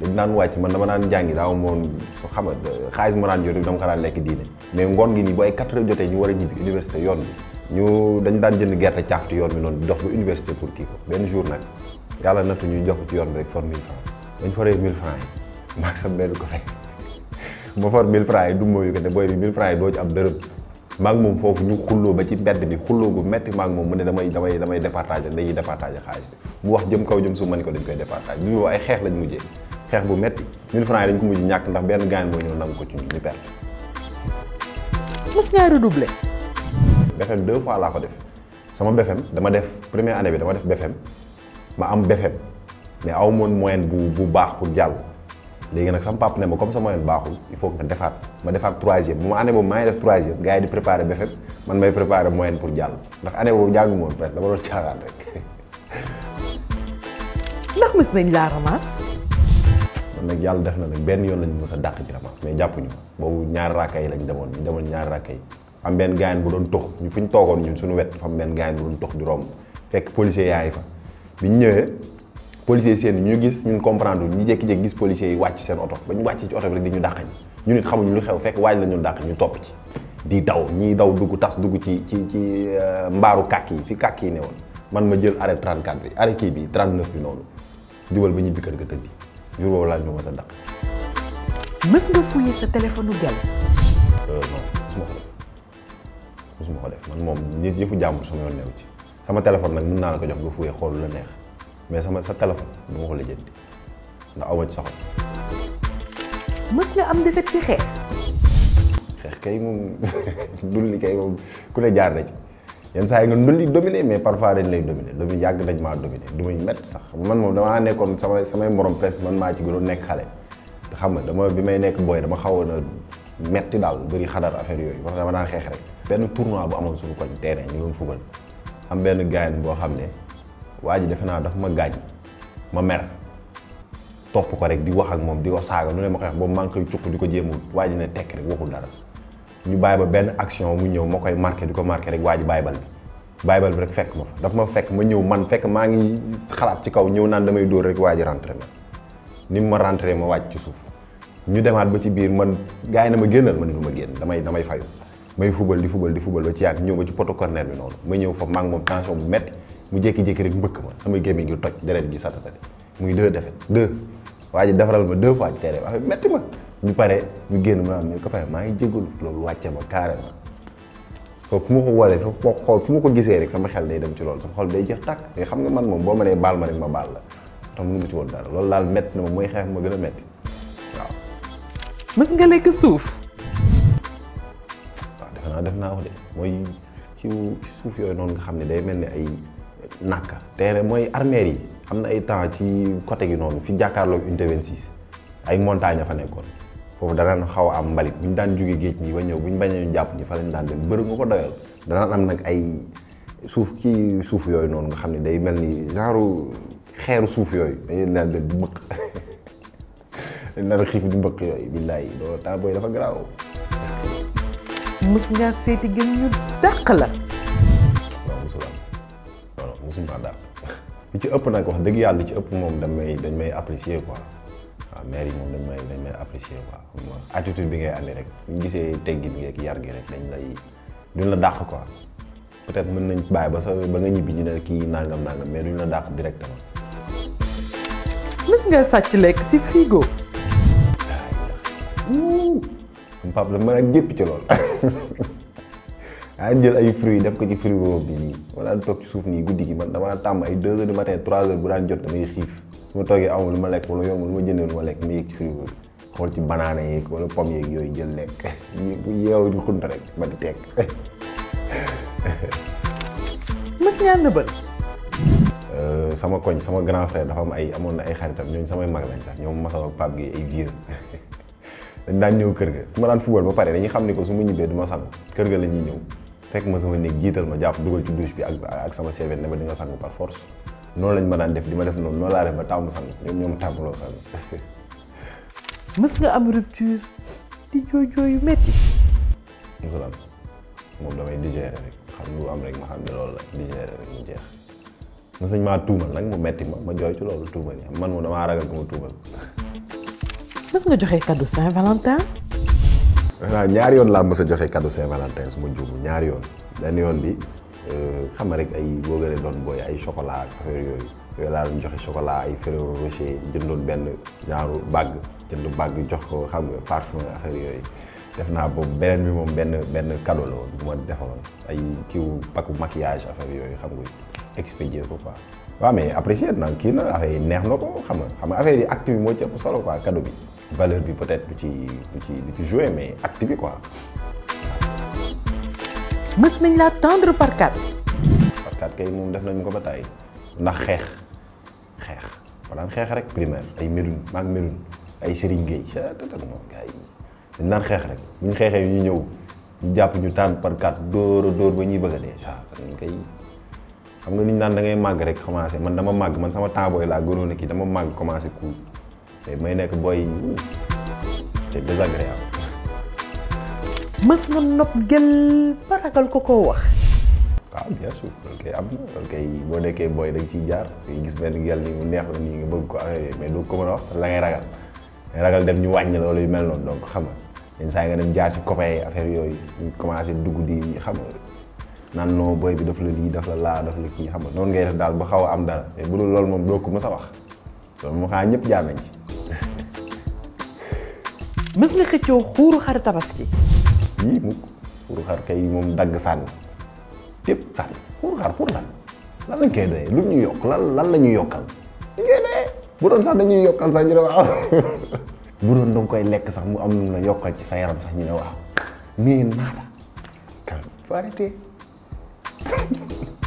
dañ naan wàcc man dama naan jàngi daaw moom xam nga xaalis ma naan jot dama ko daan lekk diine mais ngoon gi nii bu ay quatre heures jotee ñu war a ñibbi université yoon bi ñu dañ daan jënd gerte ci yoon bi noonu dox ba université pour kii ko benn jour nag yàlla nattu ñu jox ci yoon bi rek for mille francs dañ foree mille francs yi maag sa benn ko fekk ma for mille francs yi du mooyu ko ne booy bi mille francs yi doo ci am dërëm maag moom foofu ñu xulloo ba ci mbedd bi moom mu ne damay damay damay départager dañuy départager xaalis bi mu wax jëm kaw jëm su ko dañ koy départager ay xeex lañ mujjee xeex bu metti 1000 francs yi dañ ko mujj ñàkk ndax benn gaañ moo ñëw nangu ko ci ñu perte. mës ngaa redoubler. BFEM deux fois laa ko def sama BFEM dama def première année bi dama def BFEM ma am BFEM mais aw moon moyenne bu bu baax pour jàll. léegi nag sama papa ne ma comme sama moyenne baaxul il faut nga defaat ma defat troisième bu ma année boobu maa def troisième gars di préparer BFEM man may préparer moyenne pour jàll ndax année boobu jàngu moon presque dama doon caaxaan rek. ndax mës nañ laa ramasse. kon nag yàlla def na nag benn yoon lañu mës a dàq ci ramas mais jàppuñu boobu ñaari raaka yi lañ demoon ñu demoon ñaari raaka yi am benn gaayan bu doon tux ñu fu ñu toogoon ñun suñu wet dafa am benn gaayan bu ñu ñëwee policier seen ñu gis ñun comprendre ñu jékki-jékki gis policier yi wàcc seen oto ba ñu wàcc ci oto bi rek di ñu dàq ji ñu it xamuñu lu xew fekk waaj la ñu dàq ñu topp ci di daw ñii daw dugg tas dugg ci ci ci euh, mbaaru kàkk yi fi kàkk yi ne woon man ma jël arrêt 34 bi arrêt kii bi 39 bi noonu jubal ba ñibbi kër ga jour boobu laaj ma sa dàq. mës nga fouiller sa téléphone gel. Euh, non mosuma ko def mosuma man moom nit yëfu jàmbur sama yoon neew ci sama téléphone nag mën naa la ko jox nga fouiller xool la neex mais sama sa téléphone du ma ko lijjanti ndax aw ma ci soxla. mës nga am defet ci xeex. xeex kay moom dul kay moom ku ne jaar na ci. yenn saa yi nga ndulli dominé mais parfois dañ lay dominé dominé yàgg dañ maa dominé du may métti sax man moom damaa nekkoon samay samay morom presque man maa ci gënoon nekk xale te xam nga dama bi may nekk booy dama xaw na metti daal bari xadar affaire yooyu wax dama daan xeex rek benn tournoi bu amoon suñu koñ terrain ñu doon fubal am benn gaayan boo xam ne waa ji defe naa dafa ma gaañ ma mer topp ko rek di wax ak moom di ko saaga lu ne ma koy wax boobu maa ngi koy cukk di ne tekk rek waxul dara ñu bàyyi ba benn action mu ñëw ma koy marqué di ko marqué rek waa ji bàyyibal bi bàyyibal bi rek fekk ma fa dafa ma fekk ma ñëw man fekk maa ngi xalaat ci kaw ñëw naan damay dóor rek waa ji rentré ma ni mu ma rentré ma wàcc ci suuf ñu demaat ba ci biir man gars yi na ma génnal ma ne du ma génn damay damay fayu may fubal di fubal di fubal ba ci yàgg ñëw ba ci poto corner bi noonu ma ñëw fa maa ngi moom tension bu metti mu jékki-jékki rek mbëkk ma samay gémmiñ gi toj deret gi satatati muy deux defet deux waa ji defaral ma deux fois ci terrain bi metti ma ñu pare ñu génn ma am ko fay maa ngi jégalu loolu wàcce ma carrément kooku fu ma ko waree sama xool fu ma ko gisee rek sama xel day dem ci loolu sama xol day jeex tàkk mais xam nga man moom boo ma baal ma rek ma baal la tax mënu ma ci woon dara loolu daal métti na ma mooy xeex ma gën nga lekk suuf. waaw ah, defe naa def de mooy ci suuf yooyu noonu nga xam ne day mel ni ay nàkk teere mooy armeer yi am na ay temps ci côté gi noonu fi jàkkaarloog unité 26 ay montagne fa nekkoon. foofu danaan xaw a am mbalit bu ñu daan jóge géej ñi ba ñëw bu ñu bañ ñu jàpp ñi fa lañ daan dem bëri nga ko doyal danaan am nag ay suuf ci suuf yooyu noonu nga xam ne day mel ni genre xeeru suuf yooyu dañuy naan dem di mbëq dañ naan xiif yooyu billaay loolu taa dafa garaaw mës ngaa seeti gën ñu dàq la ci ëpp nag wax dëgg yàlla li ci ëpp moom damay dañ may apprécier quoi waaw maire yi moom dañ may dañ may apprécier quoi xam nga attitude bi ngay andi rek buñ gisee teggin gi ak yar gi rek dañ lay duñ la dàq quoi peut-être mën nañ bàyyi ba sa ba nga ñibbi ñu ne kii nangam nangam mais duñ la dàq directement. mës nga sàcc lekk si frigo. Pape la mën a jëpp ci loolu daa jël ay fruits def ko ci frigo bi nii ma guddi gi man damaa tàmm ay deux heures du matin heures bu daan jot damay xiif. su ma toogee amul lu ma lekk wala yombul lu ma jëndee lu ma lekk ma yëg ci frigo bi xool ci banaana yeeg wala pomme yeeg yooyu jël lekk bu yeew di rek ma di teg. mës ngaa euh, sama koñ sama grand frère ay amoon na ay xaritam ñooñu samay mag sax ñoom Masal ak Pape Gueye ay vieux ñëw kër ga ma daan football ba pare dañuy xam ne ko su ma ñibbee du ma sangu kër ga la ñuy ñëw fekk ma sama néeg jiital ma jàpp dugal ci douche bi ak ak sama serviette ne ma di nga sangu par force. noonu lañ ma daan def li ma def noonu noonu laa def ba tàmm sang ñoom ñoom tàmmuloo sang mës nga am rupture di jooy jooy yu metti mësul am moom damay digérer rek xam lu am rek ma xam ne loolu la digérer rek mu jeex mës nañ maa tuumal nag mu metti ma ma jooy ci loolu tuumal yi man moom damaa ragal ko ma tuumal mës nga joxe cadeau Saint-Valentin waaw ñaari yoon laa mës a joxe kàddu Saint-Valentin su ma juumu ñaari yoon benn yoon bi Euh, xam rek ay boo gën a doon booy ay chocolat ak affaire yooyu yooyu laa doon joxe chocolat ay Ferrero Rocher jëndoon benn genre bàgg jënd bàgg jox ko xam nga parfum affaire yooyu def naa boobu beneen bi moom benn benn cadeau la woon bu ma defaroon ay kiw paku maquillage affaire yooyu xam nga expédier ko quoi waaw mais apprécier na kii na affaire yi neex na ko xam nga xam nga affaire yi acte bi moo ci ëpp solo quoi cadeau bi valeur bi peut-être du ci du ci du ci jouer mais acte bi quoi mës nañ laa tendre par quatre. par quatre kay moom def nañ ko ba tàyyi ndax xeex xeex daan xeex rek primaire ay Medoune maag Medoune ay Serigne Gueye ca tëtal moom gars yi xeex rek bu xeexee yu ñu ñëw ñu jàpp ñu tendre par quatre dóor dóor ba ñuy bëgg a dee waaw koy xam nga niñ naan da ngay màgg rek commencé man dama màgg man sama temps booy laa gënoon a kii dama màgg commencé kuul te may nekk booy te désagréable. mës nga nopp gël ba ragal ko koo wax. waaw ah, bien sûr loolu kay am na loolu kay boo nekkee booy da nga ciy jaar nga gis benn gel ni mu neex la nii nga bëgg ko amee mais du ko la ngay ragal ragal dem ñu wàññi la wala mel noonu donc xam nga yenn saa nga dem jaar affaire yooyu commencé dugg di xam nga naan non booy bi daf la lii daf la laa daf la kii xam nga noonu ngay def daal ba xaw am dara mais bu dul loolu moom doo ko mës a wax loolu moom ñëpp jaar ci. mës nga xëccoo xuuru xar tabaski. yii mukk xuru xar kay moom dagg sànni tépp sànni xuru xar pour lan lan lañ koy doyee lu ñu yokk lan lan la ñuy yokkal ñu koy doyee bu doon sax dañuy yokkal sax ñu ne waaw bu doon danga koy lekk sax mu am lu la yokkal ci sa yaram sax ñu ne waaw mais naata kan faut arrêter